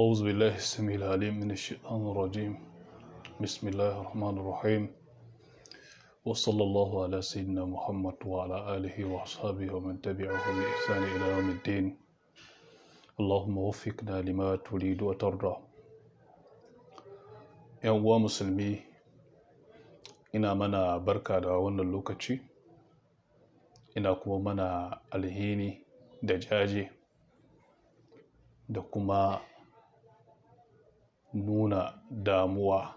أعوذ بالله السميع العليم من الشيطان الرجيم بسم الله الرحمن الرحيم وصلى الله على سيدنا محمد وعلى آله وأصحابه ومن تبعه بإحسان إلى يوم الدين اللهم وفقنا لما تريد وترضى ‘Yan uwa musulmi ina mana barka da wannan lokaci, ina kuma mana alhini da jaje da kuma nuna damuwa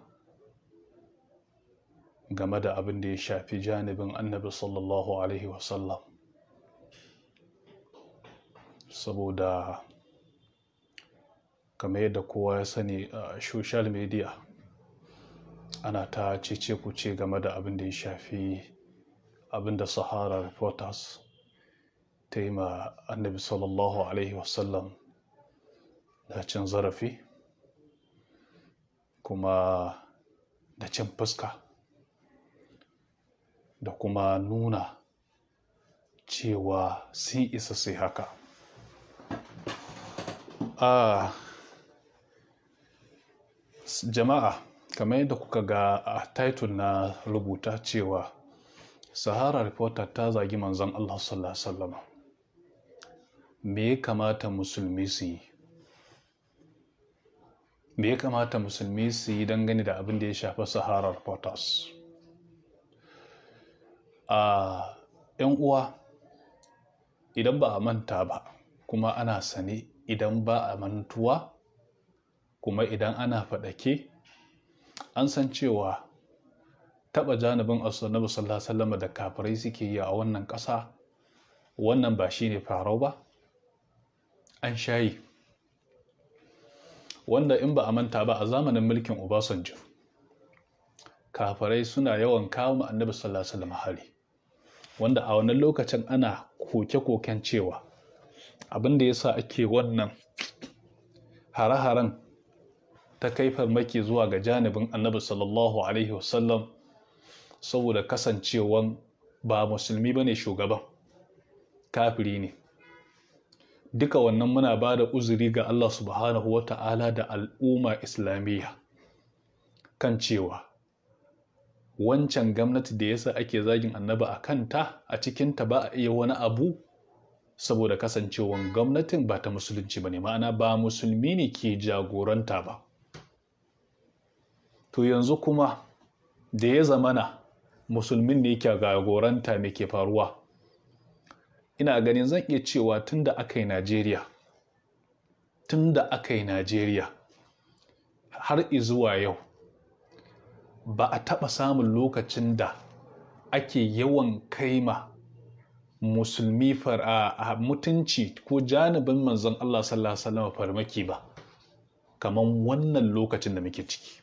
game da abin da ya shafi janibin annabi sallallahu alaihi wasallam saboda kamar yadda kowa ya sani a social media ana ta cece ce game da abin da ya shafi abin da sahara reporters ta yi ma annabi sallallahu alaihi wasallam da cin zarafi kuma da cin fuska da kuma nuna cewa sun isa sai haka Ah jama'a kamar yadda kuka ga a title na rubuta cewa sahara reporter ta zagi manzon allah sallallahu alaihi me ya kamata musulmi su yi me ya kamata musulmi su yi dangane da abin da ya shafi saharar potas a yan uwa idan ba a manta ba kuma ana sane idan ba a mantuwa kuma idan ana faɗake an san cewa taɓa janibin asunabu sallallahu da kafirai suke yi a wannan ƙasa wannan ba shi ne farau ba an shayi wanda in ba a manta ba a zamanin mulkin Obasanjo kafirai suna yawan kawo annabi sallallahu alaihi hari wanda a wannan lokacin ana koke-koken cewa abin da yasa ake wannan hare-haren ta kai farmaki zuwa ga janibin annabi sallallahu alaihi wasallam saboda kasancewan ba musulmi bane shugaban kafiri ne duka wannan muna ba da uzuri ga Allah subhanahu wa ta'ala da al'umma islamiyya kan cewa wancan gwamnati da yasa ake zagin annaba a kanta a cikinta ba a iya wani abu saboda kasancewan gwamnatin ba ta musulunci ba ne ma'ana ba musulmi ne ke jagoranta ba to yanzu kuma da ya zamana musulmin ne ke jagoranta me ke faruwa ina ganin zan iya cewa tun da aka yi najeriya tun da aka yi najeriya har zuwa yau ba a taɓa samun lokacin da ake yawan kaima musulmi a mutunci ko janibin manzon Allah sallallahu alaihi wasallam farmaki ba kamar wannan lokacin da muke ciki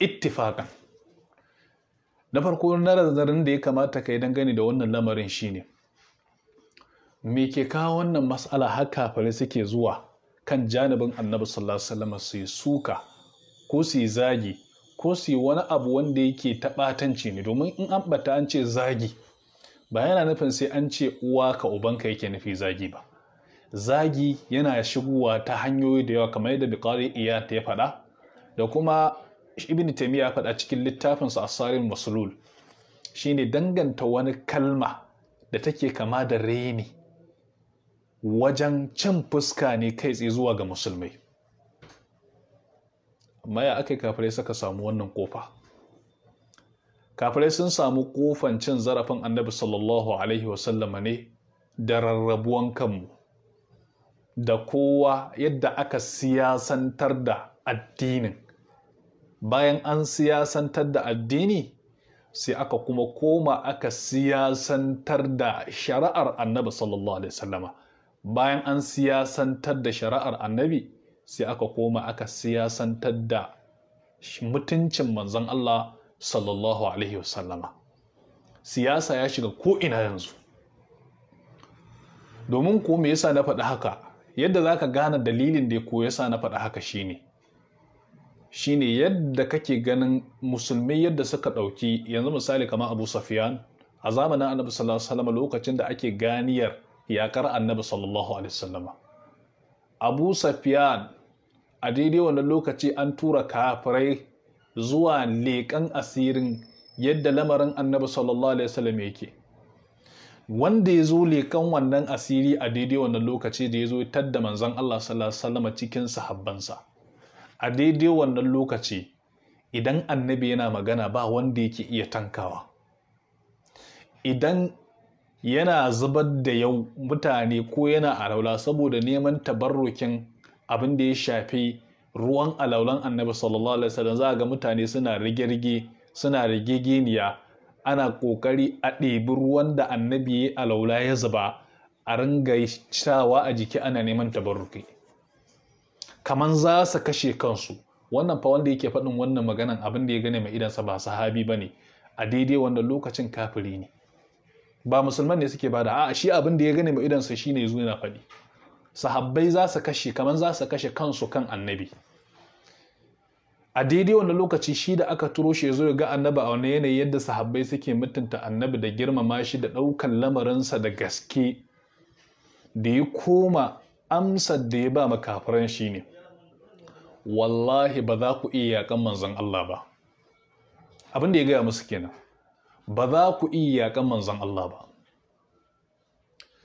ittifaqan na farko nazarin da ya kamata kai dangane da wannan lamarin shine me ke kawo wannan mas'ala har kafare suke zuwa kan janibin annabi sallallahu alaihi wasallam su yi suka ko su yi zagi ko su yi wani abu wanda yake taɓatanci ne domin in an bata an ce zagi ba yana nufin sai an ce uwa ka ubanka yake nufi zagi ba zagi yana shigowa ta hanyoyi da yawa kamar yadda biqari iya ta ya faɗa da kuma ibn taymiya ya faɗa cikin littafin littafinsa asarin maslul shine danganta wani kalma da take kama da reni wajen cin fuska ne kai tsaye zuwa ga musulmai amma ya aka yi kafirai suka samu wannan kofa kafirai sun samu kofan cin zarafin annabi sallallahu alaihi wasallama ne da rarrabuwan kanmu da kowa yadda aka siyasantar da addinin bayan an siyasantar da addini sai aka kuma koma aka siyasantar da shari'ar annabi sallallahu alaihi wasallama bayan an siyasantar da shari'ar annabi sai aka koma aka siyasantar da mutuncin manzon Allah sallallahu alaihi wasallama siyasa ya shiga ko'ina yanzu domin ko me yasa na faɗi haka yadda za ka gane dalilin da ko yasa na faɗi haka shine shine yadda kake ganin musulmi yadda suka ɗauki yanzu misali kamar abu safiyan a zamanin annabi sallallahu alaihi lokacin da ake ganiyar yakar annabi sallallahu alaihi wasallama abu safiyan a daidai wannan lokaci an tura kafirai zuwa leƙan asirin yadda lamarin annabi sallallahu alaihi wasallam yake wanda ya zo leƙan wannan asiri a daidai wannan lokaci da ya zo tadda manzon Allah sallallahu alaihi cikin sahabbansa a daidai wannan lokaci idan annabi yana magana ba wanda yake iya tankawa idan yana zubar da yau mutane ko yana alaula saboda neman tabarrukin abin da ya shafi ruwan alaulan annabi sallallahu alaihi wasallam za ga mutane suna rige-rige suna rigegeniya ana kokari a ɗebi ruwan da annabi ya alaula ya zuba a ringa shawa a jiki ana neman tabarruki kaman za su kashe kansu wannan fa wanda yake faɗin wannan maganan abin da ya gane mai idansa ba sahabi bane a daidai wanda lokacin kafiri ne ba musulman ne suke da. a shi abin da ya gane mai idansa shine yazo faɗi sahabbai za su kashe kamar za su kashe kansu kan annabi a daidai wanda lokaci shi da aka turo shi zo ga annabi a wani yanayi yadda sahabbai suke mutunta annabi da girmama shi da ɗaukan lamarinsa da gaske da ya koma amsar da ya ba makafiran shi ne wallahi ba za ku iya yaƙan manzon Allah ba abin da ya gaya musu kenan ba za ku iya yaƙan manzon Allah ba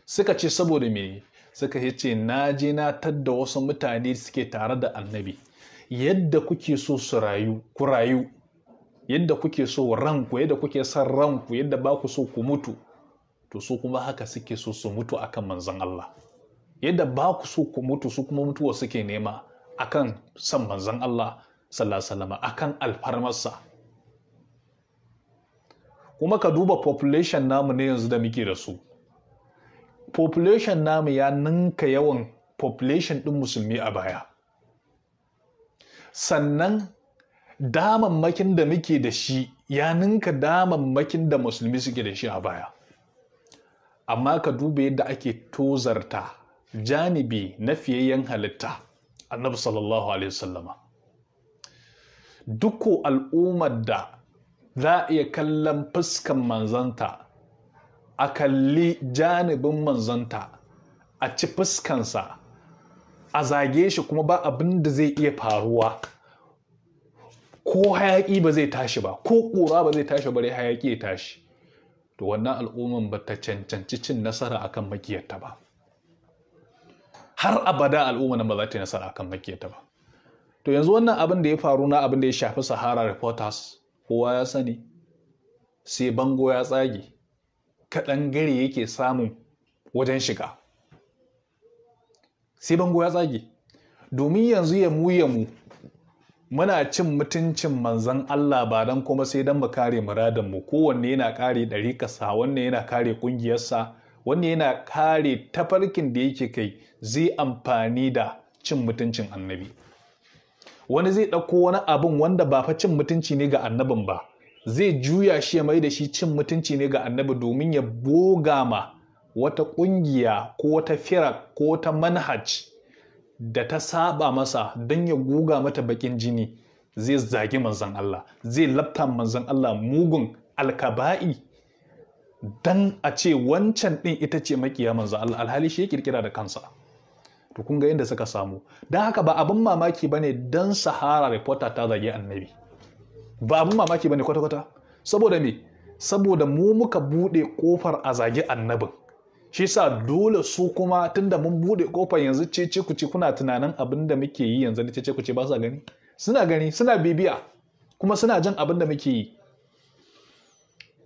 suka ce saboda me suka ce na je na tadda wasu mutane suke tare da annabi yadda kuke so su rayu ku rayu yadda kuke so ranku yadda kuke son ranku yadda ba ku so ku mutu to su kuma haka suke so su mutu akan manzon Allah yadda ba ku so ku mutu su kuma mutuwa suke nema akan son manzon Allah sallallahu alaihi wasallam akan alfarmarsa kuma ka duba population namu ne yanzu da muke da su population namu ya ninka yawan population ɗin musulmi a baya sannan damammakin da muke da shi ya ninka damammakin da musulmi suke da shi a baya amma ka duba yadda ake tozarta janibi na fiyayyen halitta annabi sallallahu alaihi wasallama duk al'ummar da za a iya kallon fuskan manzanta a kalli janibin manzanta a ci fuskansa a zage shi kuma ba abin da zai iya faruwa ko hayaƙi ba zai tashi ba ko ƙura ba zai tashi bare hayaki ya tashi to wannan al'umman ba ta cancanci cin nasara akan makiyarta ba har abada al'umma nan ba za ta yi nasara akan makiyarta ba to yanzu wannan abin da ya faru na abin da ya shafi sahara reporters kowa ya sani sai bango ya tsage kaɗan gare yake samun wajen shiga sai bango ya tsage domin yanzu ya mu ya mu muna cin mutuncin manzan Allah ba don kuma sai don mu kare muradin mu. kowanne yana kare ɗari ƙasa wanne yana kare ƙungiyarsa wanne yana kare tafarkin da yake kai zai amfani da cin mutuncin annabi wani zai ɗauko wani abin wanda ba fa cin mutunci ne ga annabin ba zai juya shi ya mai da shi cin mutunci ne ga annabi domin ya boga ma wata ƙungiya ko wata firak ko wata manhaj da ta saba masa don ya goga mata bakin jini zai zagi manzan Allah zai labta manzan Allah mugun alkaba'i don a ce wancan ɗin ita ce makiya manzan Allah alhali shi ya kirkira da kansa. to kun ga yadda suka samu don haka ba abin mamaki ba ne don sahara reporter ta zage annabi ba abin mamaki ba ne kwata-kwata saboda me saboda mu muka buɗe ƙofar a zage annabin shi sa dole su kuma tunda mun buɗe kofar yanzu cece kuce kuna tunanin abin da muke yi yanzu cece kuce ba sa gani suna gani suna bibiya kuma suna jin abin da muke yi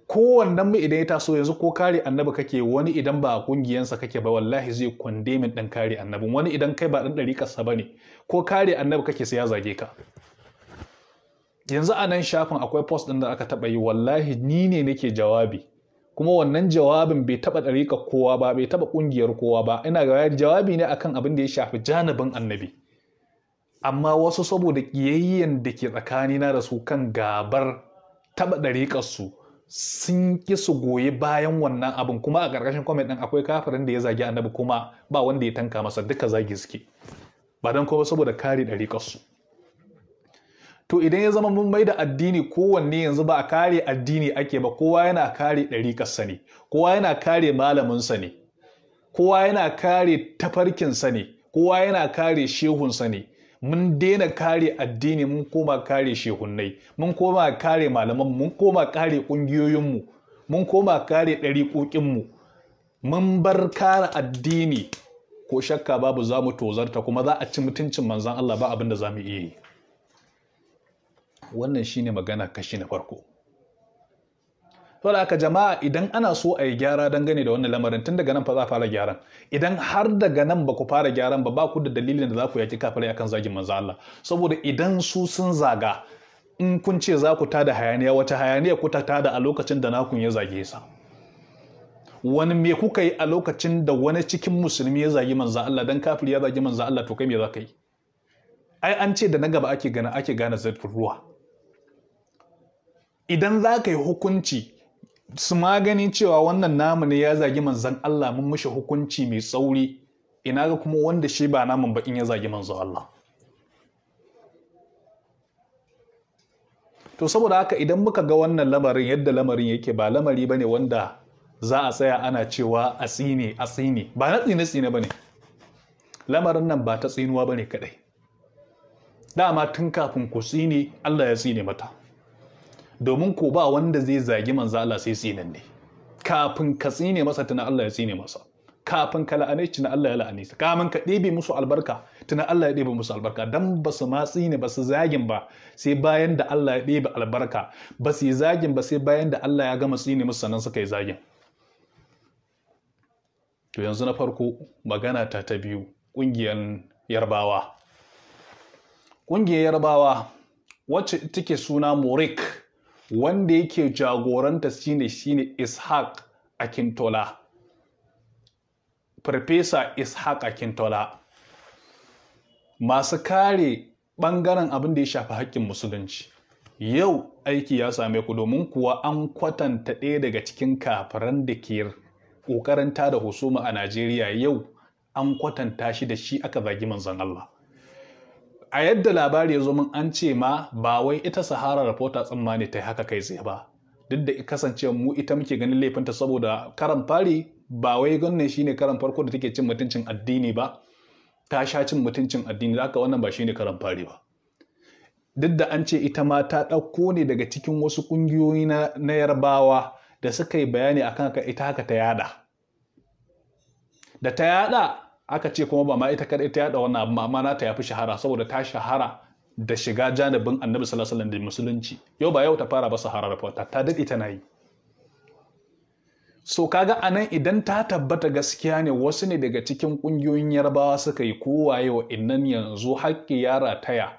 kowannen mu idan ya taso yanzu ko kare annabi kake wani idan ba kungiyansa kake ba wallahi zai min dan kare annabi wani idan kai ba dan dariƙarsa ne ko kare annabi kake sai ya zage ka yanzu a nan shafin akwai post ɗin da aka taɓa yi wallahi ni ne nake jawabi kuma wannan jawabin bai taɓa ɗariƙa kowa ba bai taɓa ƙungiyar kowa ba ina ga jawabi ne akan abin da ya shafi janibin annabi amma wasu saboda ƙiyayyen da ke tsakanina da su kan gabar taɓa ɗariƙar su sun ƙi su goyi bayan wannan abin kuma a ƙarƙashin comment ɗin akwai kafirin da ya zagi annabi kuma ba wanda ya tanka masa duka zagi suke ba don kuma saboda kare ɗariƙarsu to idan ya zama mun maida addini kowanne yanzu ba a kare addini ake ba kowa yana kare ɗariƙarsa ne kowa yana kare malaminsa ne kowa yana kare tafarkinsa ne kowa yana kare shehunsa ne mun daina kare addini mun koma kare shehunnai mun koma kare malaman mun koma kare ƙungiyoyinmu mun koma kare ɗariƙoƙinmu mun bar kare addini ko shakka babu za mu tozarta kuma za a ci mutuncin manzan Allah ba abin da za mu iya yi wannan shine magana kashi na farko to da haka jama'a idan ana so a yi gyara dangane da wannan lamarin tun daga nan fa za a fara gyaran idan har daga nan ba ku fara gyaran ba ba ku da dalilin da za ku yaki kafirai kan zagin manzo Allah saboda idan su sun zaga in kun ce za ku ta da hayaniya wata hayaniya ku ta da a lokacin da nakun ya zage sa wani me kuka yi a lokacin da wani cikin musulmi ya zagi manzo Allah dan kafiri ya zagi manzo Allah to kai me za ka yi ai an ce da na gaba ake gane ake gane zaitun ruwa idan za ka yi hukunci su ma gani cewa wannan namu ne ya zagi manzan Allah mun mushi hukunci mai tsauri ina ga kuma wanda shi ba namun ba in ya zagi manzo Allah to saboda haka idan muka ga wannan lamarin yadda lamarin yake ba lamari bane wanda za a tsaya ana cewa a tsine a tsine ba na tsine tsine bane lamarin nan ba ta tsinuwa bane kadai dama tun kafin ku tsine Allah ya tsine mata domin ko ba wanda zai zagi manzo Allah sai tsine ne kafin ka tsine masa tana Allah ya tsine masa kafin ka la'ane tana Allah ya la'ane shi kafin ka ɗebe musu albarka tana Allah ya ɗebe musu albarka dan ba su ma tsine ba su zagin ba sai bayan da Allah ya ɗebe albarka ba su yi zagin ba sai bayan da Allah ya gama tsine musu sannan suka yi zagin to yanzu na farko magana ta ta biyu ƙungiyar yarbawa ƙungiyar yarbawa wacce take suna morik wanda yake jagoranta shine shine ishaq akintola farfesa ishaq akintola masu kare ɓangaren abin da ya shafi haƙƙin musulunci yau aiki ya same ku domin kuwa an kwatanta ɗaya daga cikin kafiran da ke ƙoƙarin tada husuma a najeriya yau an kwatanta shi da shi aka zagi manzon Allah a yadda labari ya zo min an ce ma ba wai ita sahara reporter tsammani ne ta haka kai tsaye ba duk da kasancewa mu ita muke ganin laifinta saboda karan fari ba wai shi ne karan farko da take cin mutuncin addini ba ta sha cin mutuncin addini da aka wannan ba shi ne karan fari ba duk da an ce ita ma ta ɗauko ne daga cikin wasu ƙungiyoyi na yarbawa da suka yi bayani akan ka ita haka ta yada da ta yada aka ce kuma ba ma ita kadai ta yada wannan amma ma nata fi shahara saboda ta shahara da shiga janibin annabi sallallahu alaihi da musulunci yau ba yau ta fara ba sahara reporter ta dade tana yi so kaga anan idan ta tabbata gaskiya ne wasu ne daga cikin ƙungiyoyin yarbawa suka yi kowaye wa innan yanzu haƙƙi ya rataya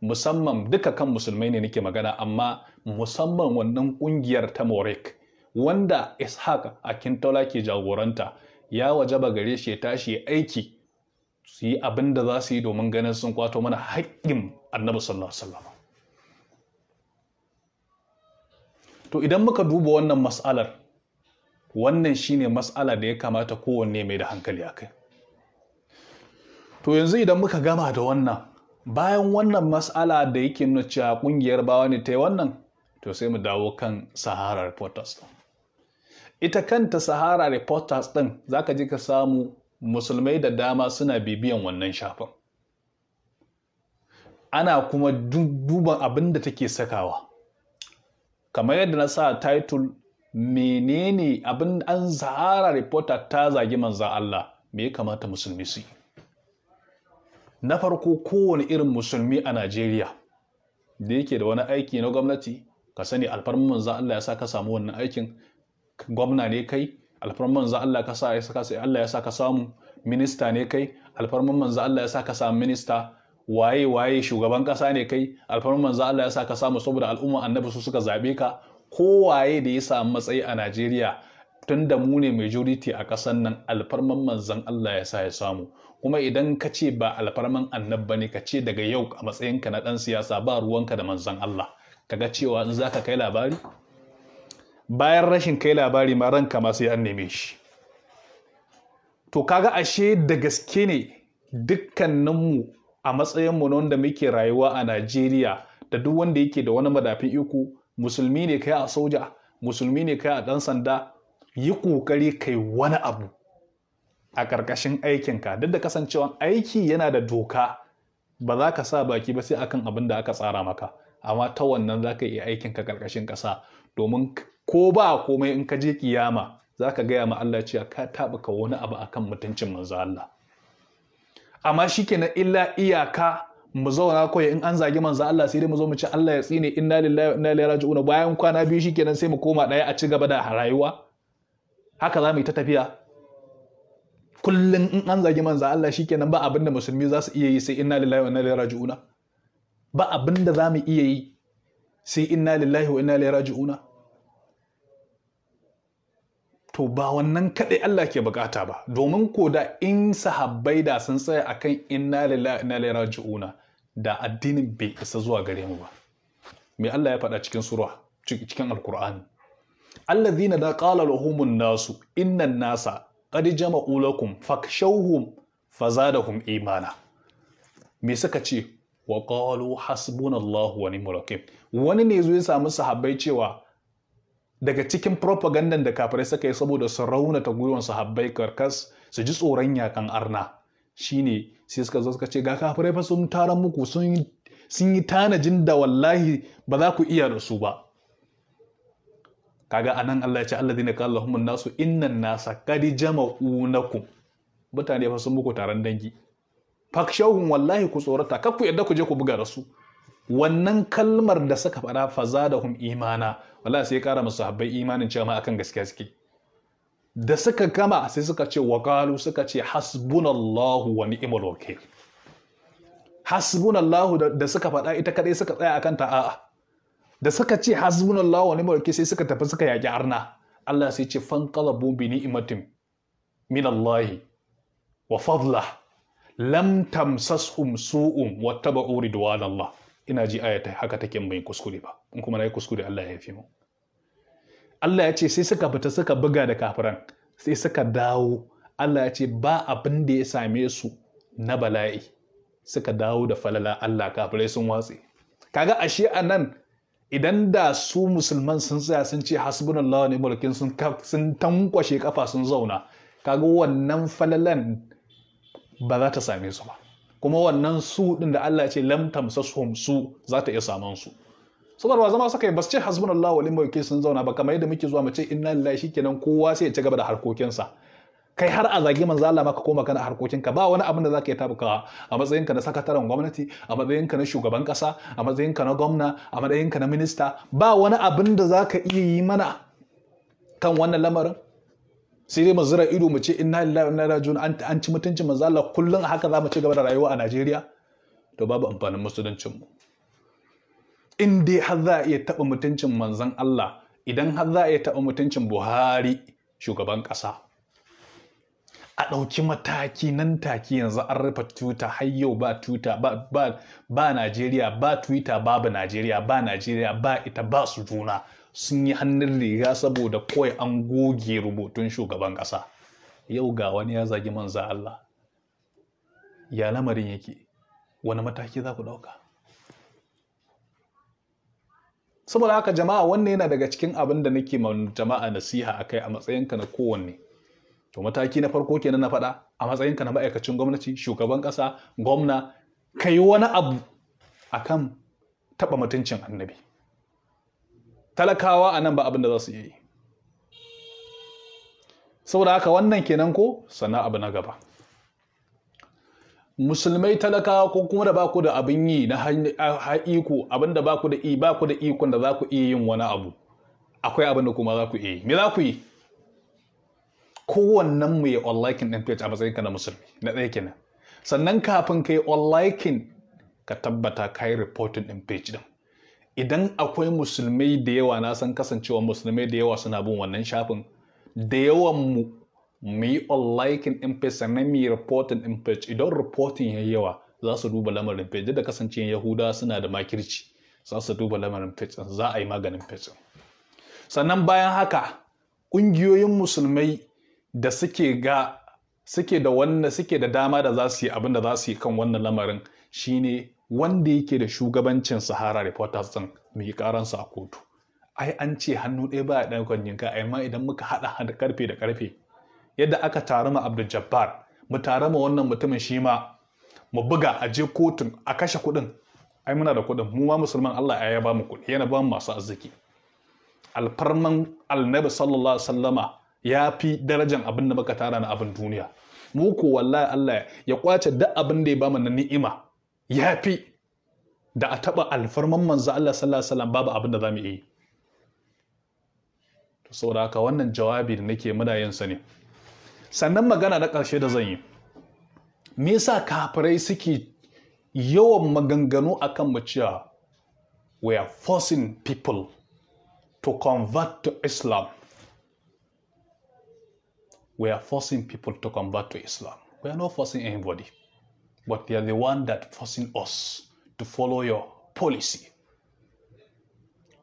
musamman duka kan musulmai ne nake magana amma musamman wannan ƙungiyar ta Morek wanda Ishaq Akintola ke jagoranta ya wajaba gare shi ya tashi ya aiki su yi abin da za su yi domin ganin sun kwato mana haƙƙin annabi sallallahu alaihi wasallam to idan muka duba wannan mas'alar wannan shine mas'ala da ya kamata kowanne mai da hankali a kai to yanzu idan muka gama da wannan bayan wannan mas'ala da yake nuna cewa kungiyar bawa ne ta yi wannan to sai mu dawo kan saharar reporters ita kanta sahara reporters ɗin za ka ji ka samu musulmai da dama suna bibiyan wannan shafin ana kuma duban abin da take sakawa kamar yadda na sa title menene abin an sahara reporter ta zagi manzan Allah me ya kamata musulmi su yi na farko kowane irin musulmi a Najeriya da yake da wani aiki na gwamnati ka sani alfarmin manzan Allah ya sa ka samu wannan aikin gwamna ne kai alfarman manzo Allah ka sa ya Allah ya sa ka samu minista ne kai alfarman manzo Allah ya ka samu minista waye waye shugaban kasa ne kai alfarman manzo Allah ya ka samu saboda al'umma annabi su suka zabe ka Ko waye da ya samu matsayi a Najeriya tun da mu ne majority a kasan nan alfarman manzon Allah ya sa ya samu kuma idan ka ce ba alfarman annabba ne ka ce daga yau a matsayinka na ɗan siyasa ba ruwanka da manzon Allah kaga cewa in za kai labari bayan rashin kai labari ma ranka ma sai an neme shi to kaga ashe da gaske ne dukkaninmu a matsayinmu na wanda muke rayuwa a Najeriya da duk wanda yake da wani madafin iko musulmi ne kai a soja musulmi ne kai a ɗan sanda yi ƙoƙari kai wani abu a ƙarƙashin aikinka duk da kasancewa aiki yana da doka ba za ka sa baki ba sai akan abin da aka tsara maka amma ta wannan za ka iya aikinka ƙarƙashin ƙasa domin ko ba komai in ka je kiyama za ka gaya ma Allah cewa ka taɓa ka wani abu akan mutuncin manzo Allah amma shi kenan illa iyaka mu zauna koyi in an zagi manzo Allah sai dai mu zo mu ci Allah ya tsine inna lillahi wa inna ilaihi raji'un bayan kwana biyu shi kenan sai mu koma daya a ci gaba da rayuwa haka za mu yi ta tafiya kullum in an zagi manzo Allah shi kenan ba abinda musulmi za su iya yi sai inna lillahi wa inna ilaihi raji'un ba abinda za mu iya yi sai inna lillahi wa inna ilaihi raji'un to ba wannan kaɗai Allah ke bukata ba domin ko da in sahabbai da sun tsaya akan inna lillahi inna ilaihi da addinin bai isa zuwa gare mu ba me Allah ya faɗa cikin sura cikin alkur'ani alladhina da qala lahumun nasu innan nasa qad jama'u lakum fakshawhum fazadahum imana me suka ce wa qalu hasbunallahu wa ni'mal wakil wani ne zo ya samu sahabbai cewa daga cikin propagandan da kafirai suka yi saboda su raunata gwiwan sahabbai karkas su ji tsoron yakan arna shine sai suka zo suka ce ga kafirai fa sun tara muku sun yi tanajin da wallahi ba za ku iya da su ba kaga anan Allah ya ce alladhina qala lahumun nasu innan nasa qad jama'u nakum mutane fa sun muku taron dangi fakshawhum wallahi ku tsorata kakku yadda ku je ku buga da su wannan kalmar da suka faɗa faza da hum imana wala sai ya ƙara musu habbai imanin cewa ma akan gaskiya suke da suka gama sai suka ce wakalu suka ce hasbunallahu wa ni'mal wakil hasbunallahu da suka faɗa ita kadai suka tsaya akan ta a'a da suka ce hasbunallahu wa ni'mal wakil sai suka tafi suka yaki arna Allah sai ce qalabu bi ni'matin minallahi wa fadla lam tamsashum su'un wattaba'u ridwan ina ji aya ta haka take mai kuskure ba in kuma nayi kuskure Allah ya yafe mu Allah ya ce sai suka fita suka buga da kafiran sai suka dawo Allah ya ce ba abin da ya same su na bala'i suka dawo da falala Allah kafirai sun watse kaga ashe a nan idan da su musulman sun tsaya sun ce hasbunallahu wa ni'mal wakil sun sun tankwashe kafa sun zauna kaga wannan falalan ba za ta same su ba kuma wannan su din da Allah ce lam tamsashum su za ta iya saman su saboda ba zama suka yi su ce Hasbunallah wa ni'mal yake sun zauna ba kamar yadda muke zuwa mu ce inna lillahi shikenan kowa sai ya ci gaba da harkokinsa kai har a zagi manzo Allah maka koma kana harkokinka ba wani abin da zaka yi tabuka a matsayinka na sakataren gwamnati a matsayinka na shugaban kasa a matsayinka na gwamna a matsayinka na minista ba wani abin da zaka iya yi mana kan wannan lamarin sai dai mu zira ido mu ce inna lillahi na inna ilaihi raji'un an ci mutunci manzo kullum kullun haka za mu ci gaba da rayuwa a Najeriya to babu amfanin musuluncin mu in dai har za iya taɓa mutuncin manzon Allah idan har za a iya taɓa mutuncin Buhari shugaban ƙasa a ɗauki mataki nan taki yanzu an rufe tuta har yau ba tuta ba ba Najeriya ba Twitter babu Najeriya ba Najeriya ba ita ba su juna sun yi hannun riga saboda kawai an goge rubutun shugaban ƙasa yau ga wani ya zagi manza Allah ya lamarin yake wani mataki za ku ɗauka saboda haka jama'a wannan yana daga cikin abin da nake ma jama'a nasiha a kai a matsayinka na kowanne to mataki na farko kenan na faɗa a matsayinka na ma'aikacin gwamnati shugaban ƙasa gwamna ka yi wani abu akan taɓa mutuncin annabi talakawa a nan ba abin da za su iya yi saboda haka wannan kenan ko sana abu na gaba musulmai talakawa ko kuma da baku da abin yi na ha'iku abin da baku da ba baku da ikon da za ku iya yin wani abu akwai abin da kuma za ku iya yi me za ku yi kowannen mu yi online din page a matsayin ka na musulmi na ɗaya kenan sannan kafin ka yi online ka tabbata ka yi reporting din page din idan akwai musulmai da yawa na san kasancewa musulmai da yawa suna bin wannan shafin da yawan mu mu yi unliking in page sannan mu yi in page idan reporting ya yawa za su duba lamarin page da kasance yahuda suna da makirci za su duba lamarin page za a yi maganin page sannan bayan haka ƙungiyoyin musulmai da suke ga suke da wannan suke da dama da za su yi abin da za su yi kan wannan lamarin shine wanda yake da shugabancin sahara reporters din mu yi karansa a kotu ai an ce hannu ɗaya ba ɗaukan yinka ai ma idan muka haɗa da karfe da karfe yadda aka taru ma abdul jabbar mu taru ma wannan mutumin shi ma mu buga a je kotun a kashe kuɗin ai muna da kuɗin mu ma musulman Allah ya ba mu kuɗi yana ba mu masu arziki alfarman Alnabi sallallahu alaihi wasallama ya fi darajan abin da muka tara na abin duniya mu ko wallahi Allah ya kwace duk abin da ya bamu na ni'ima ya fi da a taɓa alfarman manzo Allah sallallahu alaihi wasallam babu abin da za mu yi to saboda haka wannan jawabi da nake muna yin sa ne sannan magana na ƙarshe da zan yi me yasa kafirai suke yawan maganganu akan mu cewa we are forcing people to convert to Islam we are forcing people to convert to Islam we are not forcing anybody but they are the one that forcing us to follow your policy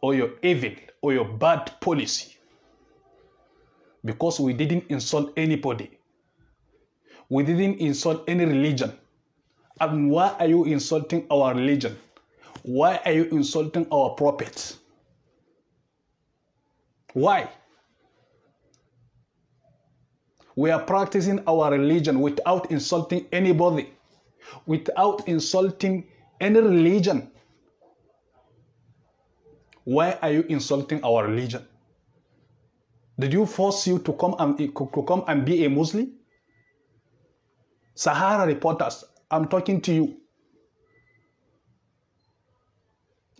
or your evil or your bad policy because we didn't insult anybody we didn't insult any religion and why are you insulting our religion why are you insulting our prophet why we are practicing our religion without insulting anybody without insulting any religion. Why are you insulting our religion? Did you force you to come and, to come and be a Muslim? Sahara reporters, I'm talking to you.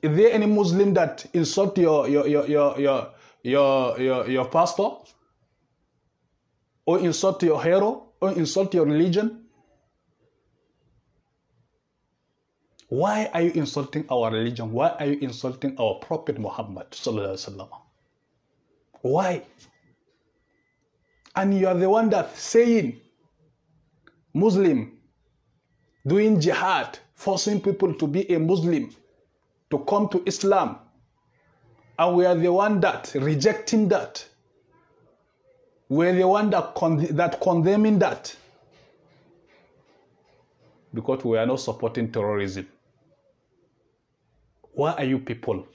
Is there any Muslim that insult your your your your your your, your, your pastor? Or insult your hero? Or insult your religion? Why are you insulting our religion? Why are you insulting our Prophet Muhammad? Why? And you are the one that's saying, Muslim, doing jihad, forcing people to be a Muslim, to come to Islam. And we are the one that rejecting that. We're the one that, con- that condemning that because we are not supporting terrorism. Why are you people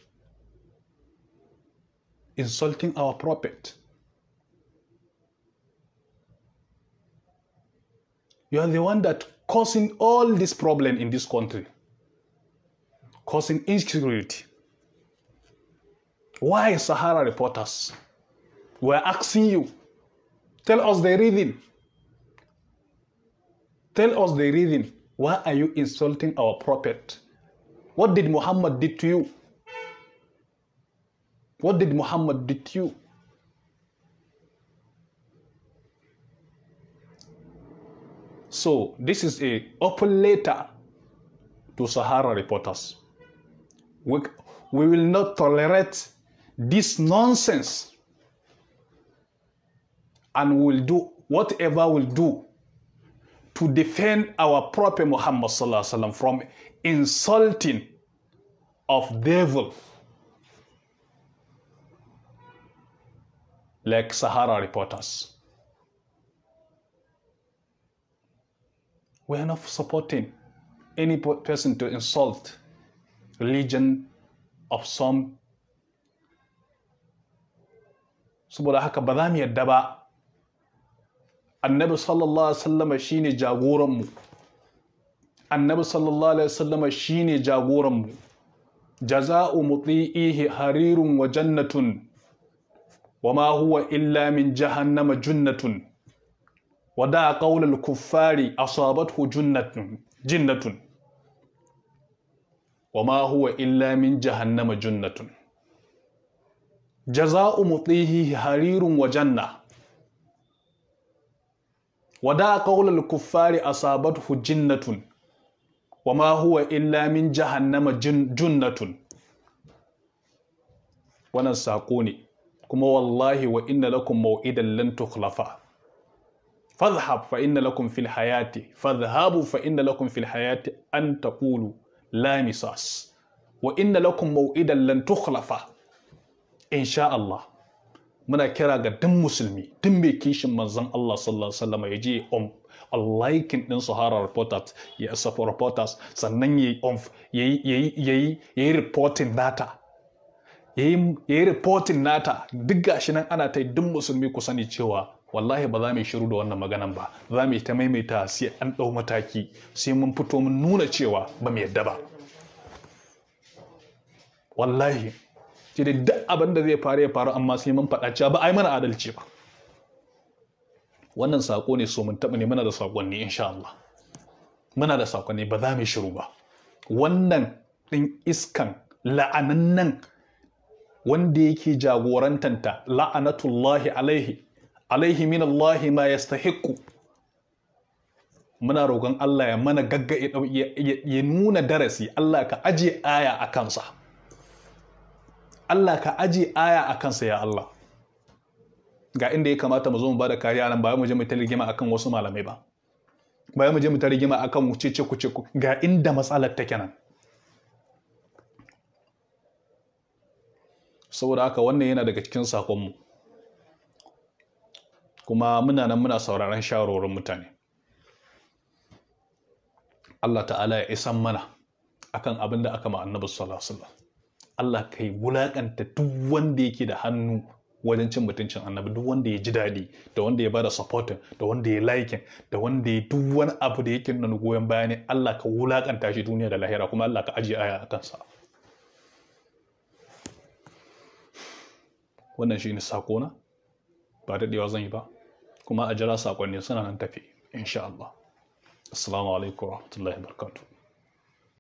insulting our prophet? You are the one that causing all this problem in this country, causing insecurity. Why Sahara reporters? We're asking you. Tell us the reason. Tell us the reason. Why are you insulting our prophet? What did Muhammad did to you? What did Muhammad did to you? So this is a open letter to Sahara reporters. We, we will not tolerate this nonsense and we will do whatever we will do to defend our Prophet Muhammad وسلم from insulting of devil like Sahara reporters. We are not supporting any person to insult religion of some saboda haka daba. annabi sallallahu alaihi wasallama shine jagoranmu annabi sallallahu alaihi wasallama shine jagoranmu jaza'u muti'ihi harirun wa jannatun wama huwa illa min jahannama junnatun wada qaulul kuffari asabathu junnatun jinnatun wama huwa illa min jahannama junnatun jaza'u muti'ihi harirun wa jannah wada qaulul kuffari asabathu jinnatun wama huwa illa min jahannama junnatun wannan sako ne kuma wallahi wa inna lakum maw'idan lan tukhlafa fadhhab fa inna lakum fil hayati fadhhabu fa inna lakum fil hayati an taqulu la misas wa inna lakum maw'idan lan insha Allah muna kira ga duk musulmi duk mai kishin manzon Allah sallallahu alaihi wasallam ya je on liking din Sahara reporters ya safa reporters sannan ya yi yayi yayi reporting data yayi yi reporting data, duk gashi nan ana ta duk musulmi ku sani cewa wallahi ba za mu shiru da wannan maganan ba za mu ta maimaita sai an ɗau mataki sai mun fito mun nuna cewa ba mu yadda ba wallahi shi dai duk abin da zai faru ya faru amma sai mun faɗa cewa ba ai mana adalci ba wannan sako ne so mun taɓa ne muna da saƙonni insha Allah muna da sakonni ba za mu shiru ba wannan ɗin iskan la'anannan wanda yake jagorantanta la'anatullahi alaihi alaihi min Allah ma yastahiqu muna roƙon Allah ya mana gagga ya nuna darasi Allah ka aje aya a kansa Allah ka aje aya a kansa ya Allah ga inda ya kamata mu zo mu bada kariya nan ba mu je mu ta rigima akan wasu malamai ba ba mu je mu ta rigima akan ce ku ga inda matsalar take nan saboda haka wannan yana daga cikin sakonmu kuma muna nan muna sauraron shawarwarin mutane Allah ta'ala ya isan mana akan abin da aka ma annabi sallallahu alaihi wasallam Allah ka yi wulaƙanta duk wanda yake da hannu wajen cin mutuncin annabi duk wanda ya ji daɗi da wanda ya bada supporting da wanda ya laikin da wanda ya duk wani abu da yake nuna goyon baya ne Allah ka wulaƙanta shi duniya da lahira kuma Allah ka ajiye aya a kansa wannan shi ne na ba daɗewa zan yi ba kuma a jira sakonni suna nan tafi insha Allah assalamu alaikum wa wabarakatuh